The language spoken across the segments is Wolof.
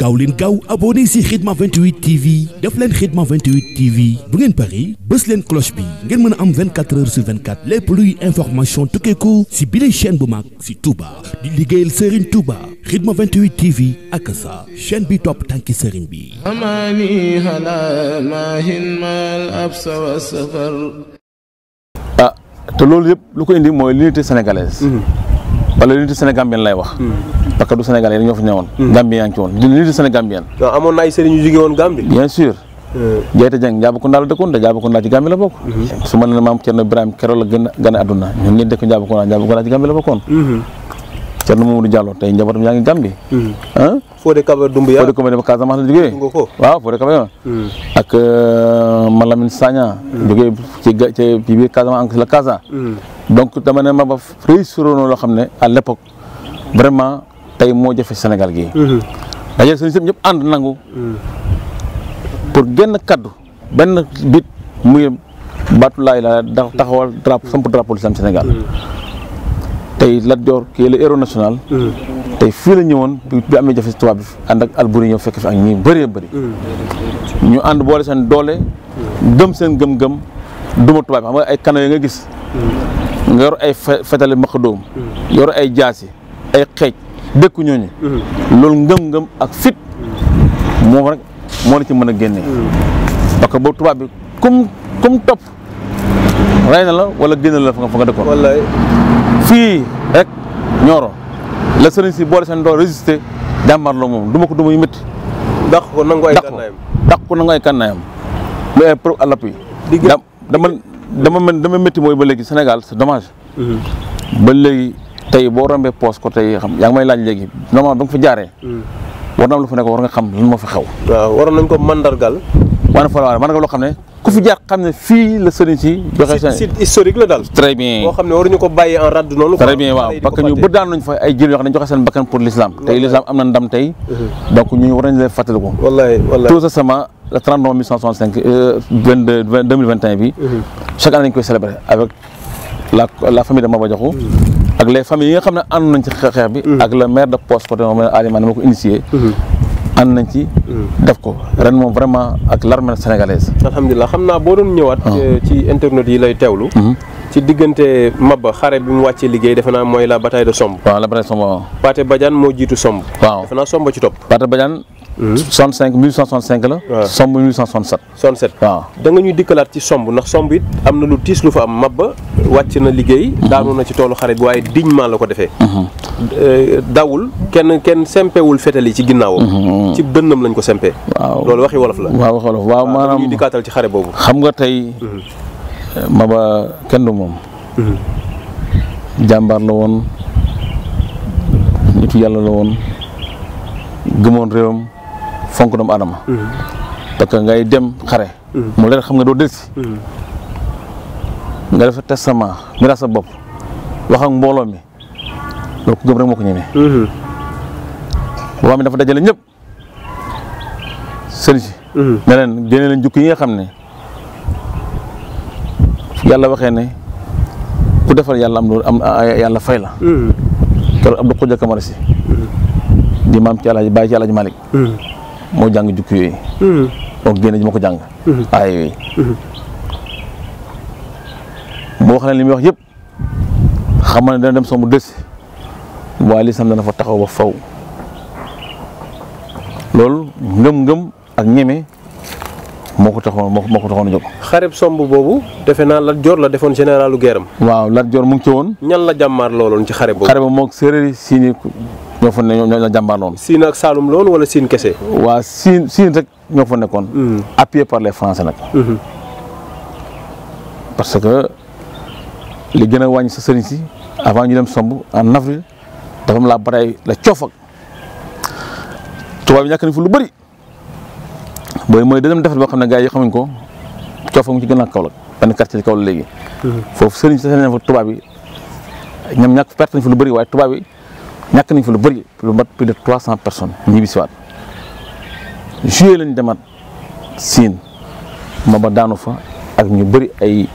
gaaw leen gaaw abonné si Khidma 28 TV def leen Khidma 28 TV bu ngeen pari bës leen cloche bi ngeen mën a am 24 heures sur 24 lépp luy information tukkeeku si bile chaîne bu mag si Touba di liggéeyal Serigne Touba Khidma 28 TV ak sa chaîne bi topp tànki Serigne bi. ah te loolu yëpp lu ko indi mooy l'unité sénégalaise. Mm-hmm. wala l'unité sénégambienne lay wax. Mm-hmm. parce que du Sénégalais rek ñoo fi ñëwoon. Hmm. Gambien yaa ngi ci woon du lii du Sénégambien. waaw amoon na ay sëriñ yu jóge woon Gambie. bien sûr. Jeyte hmm. Dieng Njaabacounda la dëkkoon te Njaabacounda ci hmm. a ngi Gambie. Fodé Kabé Doumbouya Fodé Kabé Casamance la jógee. waaw Fodé Kabé euh, ma. ga ci biir Casamance la Casa. donc dama ne ma ba réussir loo xam ne à l'époque vraiment tey moo jafe Sénégal gii. dajale mhm. suñu sëb ñëpp ànd nangu. Mhm. pour génn kaddu benn bit muy baatu laay laa taxawal drapeau samp drapeau l'islam Sénégal. Mhm. tey Lat Dior kii la héros national. tey fii la ñëwoon bi amee jafe si tubaab bi ànd ak Alboury ñëw fekk fi ak ñi bëree bëri. ñu ànd boole seen doole. gëm seen gëm-gëm duma tubaab bi xam nga ay kano yi nga gis. nga yor ay fetale maqdoom yor ay jaasi ay xeej. dëkku ñooñu. Mm-hmm. loolu ngëm-ngëm ak fit moom rek moo la ci mën a génnee. Mm-hmm. parce que boobu tubaab bi comme comme topp rey na la wala génne la fa nga fa nga dëkkoon. fii rek ñooro la sëriñ si boole seen doole résister jàmmarloo moom ko duma métti. dàq ko nangu ay kànnaayam dàq ko nangu ay kànnaayam lu ay preuve à dama dama dama métti mooy ba léegi Sénégal c'est dommage. Mm-hmm. ba léegi. tey boo rombee poos ko tey xam yaa ngi may laaj léegi normalement ba nga fa jaaree. Hmm. war na am lu fa nekk war nga xam lan moo fa xew. waaw waroon nañ ko mandargal. maanaam la loo xam ne ku fi jaar xam ne fii la sëriñ si. joxe seen bakkan pour l'islam hmm. tey l'islam am na ndam tey. Hmm. donc ñu war nañ leen fàttaliku. wallaay wallaay tout sama le 39 165 22 2021 bi. chaque année dañ koy célébrer avec la famille de Maba Diakhou. ak les familles yi nga xam ne ànd nañ ci xeex bi mm-hmm. ak le maire de poste côté moom Alima ni ko initié mm-hmm. ànd nañ ci mm-hmm. def ko ren moom vraiment ak l'armée sénégalaise alhamdulilah xam naa boo doon ñëwaat ah. euh, ci internet yi lay teewlu ci diggante ba xare bi mu wàccee liggéey defe naa mooy la bataille de Somb waaw la bataille de Somb waaw Pathé moo jiitu Somb waaw defe naa Somb ci topp 65 1865 la. waaw somb 1867. 67 waaw da nga ñuy dikkalaat ci somb ndax somb it am na lu tiis lu fa am mabba wàcc na liggéey. Mhm. daanu na ci toolu xare bi waaye maa la ko defee. Mhm. Eh, dawul kenn kenn sempewul fetal yi ci ginnaawam. Mhm. ci bënnam lañ ko sempee. waaw loolu waxi wolof la. waaw waxi wolof waaw ah, maanaam ñuy dikkaatal ci xare boobu. xam nga tey. maba kenn du moom. jàmbaar la woon nitu yàlla la woon gëmoon réewam. fonk doomu aadama parce que ngay dem xare mu leer xam nga doo delsi nga def testament mira sa bopp wax ak mbooloo mi loolu ko gëm rek moo ko ñemee waa mi dafa dajale ñëpp sëriñ si ne leen leen jukki yi nga xam ne yàlla waxee ne ku defar yàlla am loolu am yàlla fay la te mm-hmm. Abdou Khoudia Camara si di maam ci Alaaji Baay moo jàng jukki yooyu. Hmm. donc diine ji moo ko jàng. Hmm. aaya yooyu. boo hmm. wax ne li muy wax yëpp xam na ne dana dem soo mu des waaye lislaam dana fa taxaw ba faw loolu ngëm-ngëm ak ñeme moo ko taxoon moo ko taxoon a jóg. xareb somb boobu defe naa Lat Joor la defoon généralu guerre waaw Lat Joor mu ngi ci woon. ñan la jàmmaar looloon ci xare boobu. xare boobu moog séeréer si ñoo fa ne ñoo la jàmbaarloon. Siin ak Saalum loolu wala Siin kese. waa Siin Siin rek ñoo fa nekkoon. Hmm. appuyé par les Français nag. Hmm. parce que li gën a wàññi sa sëriñ si avant ñu dem somb en avril dafa am la bataille la coofak tubaab yi ñàkk nañ fu lu bëri mooy deuxième boo xam ne gars yi xamuñ ko coofak mu ci gën a kaw la benn quartier ci kaw la léegi. Hmm. foofu sëriñ si sa sëriñ fa tubaab yi ñàkk perte nañ fu lu bëri waaye tubaab yi. ñàkk nañ fa lu bari lu mat plus de trois cent personnes ñibbi si waat juillet lañ demaat siin ma ba daanu fa ak ñu bëri ay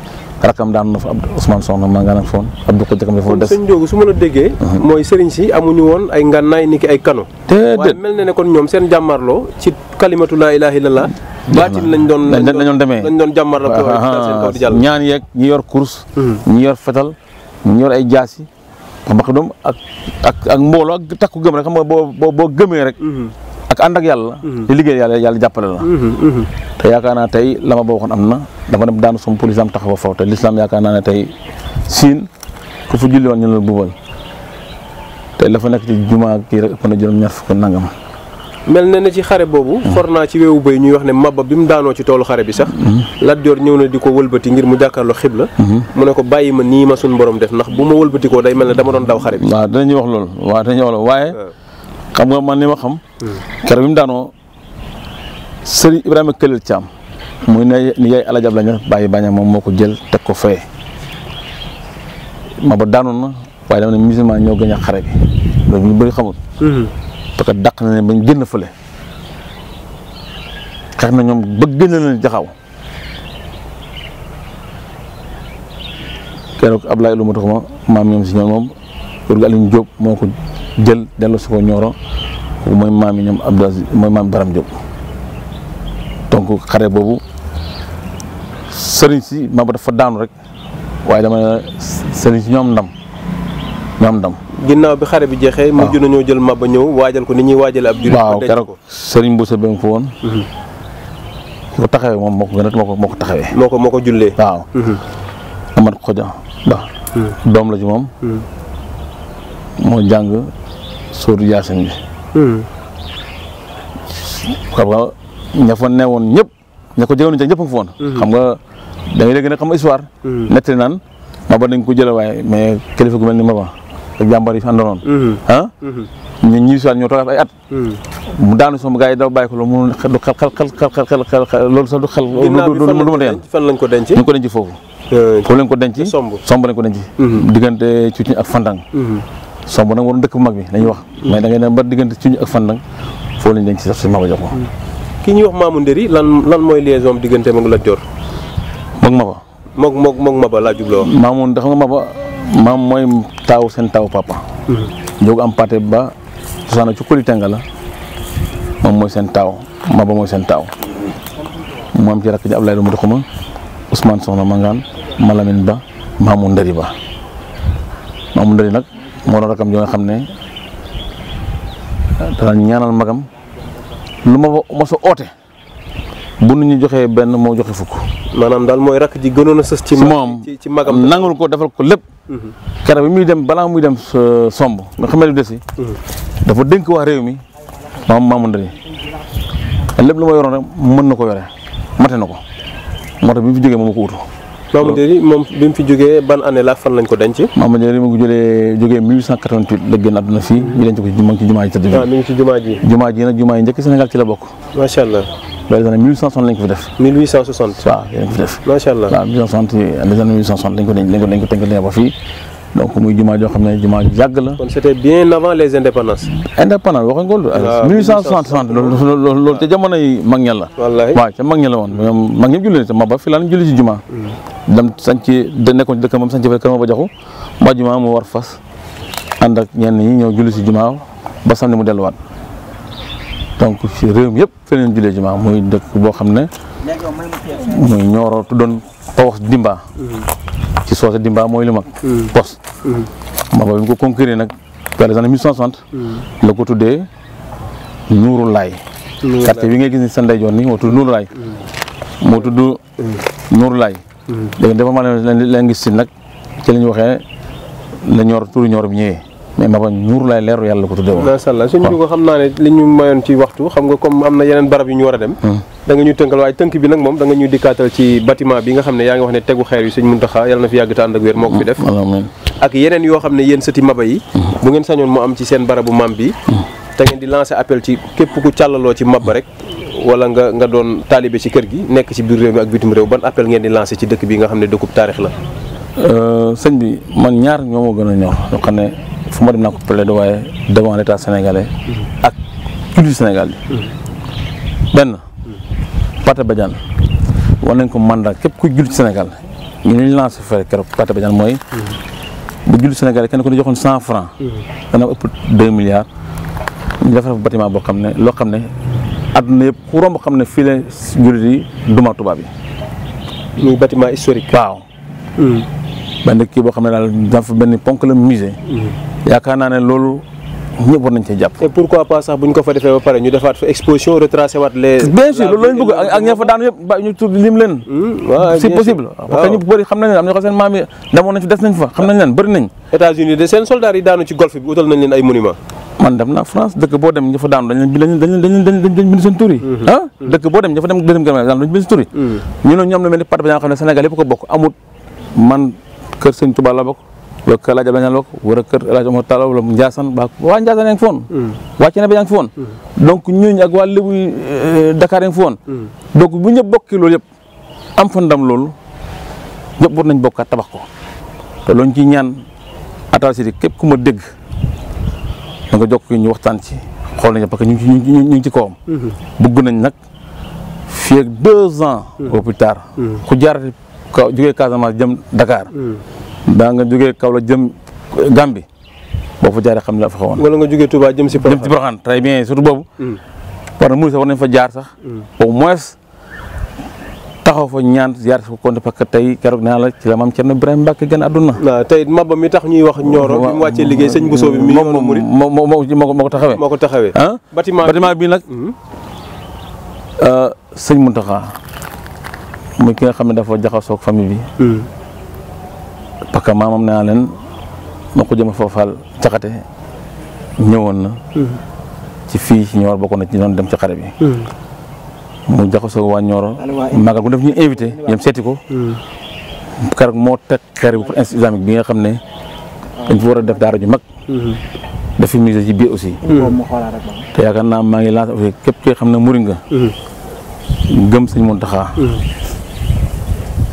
rakam daanu na fa Abdou Ousmane Soxna maa nga naan foon Abdou ko jëkkam dafa des sëñ Ndiogou su ma la déggee. Mhm. mooy sëriñ si amuñu woon ay ngànnaay ni ki ay kano. te waaye mel na ne kon ñoom seen jàmmarloo ci kalimatu laa ilaaha illallah. baatin lañ doon lañ doon demee lañ doon jàmmarloo. seen kaw di jàll ñaan yeeg ñi yor course. Mhm. ñi yor fetal ñi yor ay jaasi. xam nga doom ak ak ak mbooloo ak takku gëm rek xam nga boo boo gëmee rek. Mm-hmm. ak ànd ak yàlla. Mm-hmm. di liggéey yàlla yàlla jàppale la. Mm-hmm, te yaakaar naa tey la boo waxoon am na dafa dem daan som pour l'islam taxaw foofu te l'islam yaakaar naa ne tey siin ku fu julli woon ñu la bubal te la fa nekk ci jumaa kii rek na juróom-ñaar fukk nangam. mel na ne ci xare boobu for naa ci weewu béy ñuy wax ne mabba bi mu daanoo ci toolu xare bi sax Lat Joor ñëw na di ko wëlbati ngir mu jàkkaarloo xibla mu ne ko bàyyi ma nii ma suñ borom def ndax bu ma wëlbatikoo day mel ne dama doon daw xare bi waaw danañuy wax loolu waaw danañuy wax loolu nga ma xam keroog bi mu daanoo Sëriñ Ibrahima Këlil Thiam muy ne ni yaay alajab lañu bàyyi baña moom moo ko jël teg ko fee mabba daanoon na waaye dama ne musulman ñoo gën a xare bi loolu ñu bëri xamul mhm. parce dàq na ne bañ génn fële xeex na ñoom ba génn leen jaxaw keroog Ablaye lu ma tax ma maam ñoom si ñoom moom pour nga Alioune Diop moo ko jël delloo su ko ñooro mooy maam ñoom Abdou mooy maam Baram Diop donc xare boobu sëriñ si ma ba dafa daanu rek waaye dama ne sëriñ si ñoom ndam ñoom ndam. ginnaaw bi xare bi jeexee. waaw mujj nañoo jël ba ñëw waajal ko ni ñuy waajale ab jullit. waaw keroog Serigne Boussa bi mu fa woon. bu mhm. taxawee moom moo ko gën a moo ko moo ko taxawee. moo ko moo ko jullee. waaw. Mhm. Mhm. doom la ci moom. moo jàng sóoru Yaasin nga ña ne woon ñëpp ña ko jegoon ñëpp a fa woon. xam nga da ngay dégg nag xam nga histoire. nettali naan Maba dañ ko jëlee waaye mais kilifa gu mel ni Maba. ak jàmbar yi fi àndaloon. ah. ñun ñii soit ñoo toogaat ay at. mu daanu sama gars yi daw bàyyi ko loolu mu xel xel xel xel xel loolu sax du xel. ginnaaw bi fan lañ ko denc fan lañ ko denc. ñu ko denc foofu. foofu lañ ko denc somb somb ko denc. diggante cuucuñ ak fandang. somb nag waroon dëkk bu mag bi la wax. mais da ngay ba diggante cuucuñ ak fandang foofu lañ denc sax si Maba Jaxu ki ñuy wax Maamu Ndëri lan lan mooy liaison am diggante mu ngi la jor. moog Maba. moog moog moog Maba laa jubloo. Maamu xam nga Maba. maam mooy taaw seen taaw papa mm-hmm. jogu am pate ba cosaana cukkuli tenga la moom mooy seen taaw ma ba mooy seen taaw mu am ci rakk ji Ablaye lu mu doxuma Ousmane Soxna Mangane Malamine Ba Mamou Ndari Ba Mamou Ndari nag moo doon rakam nga xam ne dana ñaanal magam lu ma mos a oote bu nu ñu joxee benn moo joxe fukk. maanaam daal mooy rakk ji gënoon a sës. ci moom ci magam nangul ko defal ko lépp. keroog bi muy dem balaa muy dem euh, somb nga xam ne si dafa dénk wax réew mi maam maamu ndari lépp lu ma yoroon rek mën na ko yore mate na ko moo tax bi mu fi jógee moom ma ko utu maamu ndari moom bi mu fi jógee ban année la fan lañ ko denc maamu ndari mu ngi jëlee jógee 1888 la génn àdduna fii ñu denc ko jumaa ji tëdd ah, mi ngi ci jumaa ji njëkk Sénégal ci la bokk macha allah dans les années 1860 lañ ko fi def. 1860 waaw lañ ko fi def. macha allah waaw 1860 les années 1860 lañ ko dañ ko dañ ko tënkal ba fii donc muy jumaa joo xam ne jumaa yàgg la. kon c'était bien avant les indépendances. indépendance waxuñ ko. waaw 1860 loolu loolu loolu te jamono yi mag ña la. wallaay waaw ca mag ña la woon mag ñëpp julli te ma ba fii laa julli ci jumaa. Hmm. dem sanc da nekkoon ci dëkk moom sanc fa kër ma ba joxu mbaa jumaa mu war fas ànd ak ñenn ñi ñëw julli ci jumaa ba samedi mu delluwaat. donc ci réew mi yëpp feneen julee jumaa muy dëkk boo xam ne muy ñooro tuddoon pawax dimba ci soose dimba mooy li mag pos ma ba bi mu ko conquérir nag vers les années 1860 la ko tuddee nuuru laay quartier bi ngay gis ni sa ndeyjoor ni moo tudd nuuru laay moo tudd nuuru laay mm. léegi dafa leen gis si nag ci la ñu waxee na ñoor turu ñoor bi ñëwee mais ma bañ nuur laay leeru yàlla ko tudde woon macha allah suñu ko xam naa ne li ñu mayoon ci waxtu xam nga comme am na yeneen barab yu ñu war a dem hmm. da nga ñu tënkal waaye tënk bi nag moom da nga ñu dikkaatal ci bâtiment bi nga xam ne yaa ngi wax ne tegu xeer yi suñ Muntaxa yàlla na fi yàgg hmm. hmm. ngeen sañoon mu am ci seen barabu maam bi te ngeen di lancer appel ci képp ku càllaloo ci maba rek wala nga nga doon taalibe ci kër gi nekk ci biir réew mi ak bitim réew ban appel ngeen di lancer ci dëkk bi nga ne dëkkub euh, bi man ñaar ñoo gën a ñor fu ma dem naa ko plaider waaye devant l' état sénégalais ak culture Sénégal benn Pathé Badiane war nañ ko mandat képp ku jullit Sénégal ñu ne ñu lancé fere keroog Pathé Badiane mooy bu jullit Sénégal kenn ko di joxoon cent franc dana ëpp deux milliards ñu defar fa bâtiment boo xam ne loo xam ne àdduna yëpp ku romb xam ne fii la jullit yi duma tubaab yi muy bâtiment historique waaw hmm. benn boo xam ne daal dafa benn ponk la musée hmm. yaakaar naa ne loolu ñëpp war nañ cee jàpp. bu ñu ko fa defee ba pare ñu defaat fa exposition retracé waat les. bien loolu ñu bëgg ak ña fa daanu yëpp ba ñu hmm, xam nañ na ñoo xam seen maam yi demoon nañ fi des nañ fa xam nañ leen bëri nañ. États-Unis de seen soldats yi daanu ci golfe bi utal nañ leen ay monument hmm. ah, dëkk boo dem ña fa dem ña fa dem daanu dañ bind seen tur hmm. ñu ne ñoom lu mel ni part bi xam ne Sénégal yëpp ko bokk amut man kër sëñ Tuubaa bokk lokka alaji abdou lok wara kër alaji omar a wala njaasan ba waa njaasan yang fi woon hmm. waa cene ba yang fi hmm. donc ñooñu ak waa lébu euh, dakar yang fi hmm. donc bu ñëpp bokkee loolu yëpp am fa ndam loolu ñëpp war nañ bokkaat tabax ko te loolu ciy ñaan Atal képp ku ma dégg da nga jokk ñu waxtaan ci xool nañu parce que ñu ngi ci ñu ngi ci kawam bëgg nañ nag fii ak deux ans au plus tard ku jaarati jugee Casamance jëm Dakar daa nga jógee la jëm Gambie boo fa jaaree xam ne la fa xawoon. wala nga jógee Touba jëm si Porokhane jëm si Porokhane très boobu. Mm. war na mënu sax war nañ fa jaar sax. Mm. au moins taxaw ñaan jaar parce que tey keroog naa la ci la maam Thierno Ibrahima Mbacke gën àdduna. waaw tey Maba mi tax ñuy wax Nioro bi mu wàccee liggéey sëñ Bousso bi. mi yoonu Mouride moom moom moo ko taxawee. ko taxawee ah. bâtiment bi bâtiment bi nag. Mm-hmm. Euh, sëñ ki nga xam ne dafa jaxasoo ak famille bi. Mm. parce que maamam naa leen ma ko jëma foofaal caxate ñëwoon na ci fii ci ñoor bokkoon na ci doon dem ci xare bi mu jaxasoo waa ñooro magal gu def ñu invité yem seeti ko keroog moo teg xeer bi pour institut bi nga xam ne dañ fi war a def daara ju mag defi musée ci biir aussi te yaakaar naa maa ngi lancé aussi képp xam ne murid nga gëm sëñ Muntaxa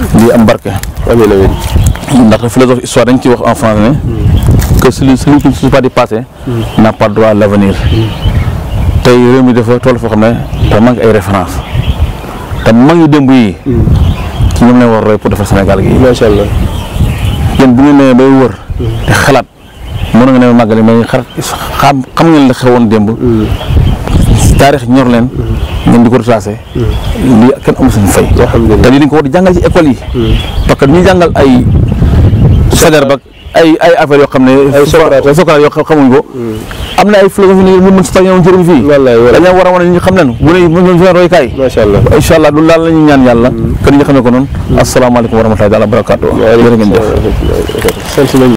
di am barke. amiin ndax philosophe histoire dañ ciy wax en français ne. que celui celui qui ne sait pas du passé. Hmm. n'a pas droit l'avenir. Hmm. tey réew dafa toll foo xam ne dafa manque ay référence te mag yu démb yi. Hmm. ci ñoom lay war roy pour defar Sénégal gi. macha allah yéen bu ñu nee bay wër. te xalaat mën nga ne màggali mais xar xam xam ngeen la xewoon démb. taarix ñor leen. Mm-hmm. ngeen di ko retracé. Mm-hmm. lii kenn amul suñu fay. te lii dañ ko war di jàngal ci école yi. Mm-hmm. parce que ñu jàngal ay. Sédar ba ay ay yoo xam ne. ay Socrate Socrate yoo xamuñ ko. am na ay philosophie yu mën si a wane roy kaay. macha allah incha allah loolu la ñuy ñaan yàlla. kon ñu xamee ko noonu. asalaamaaleykum wa rahmatulah daal barakaatu. jërë ngeen jëf.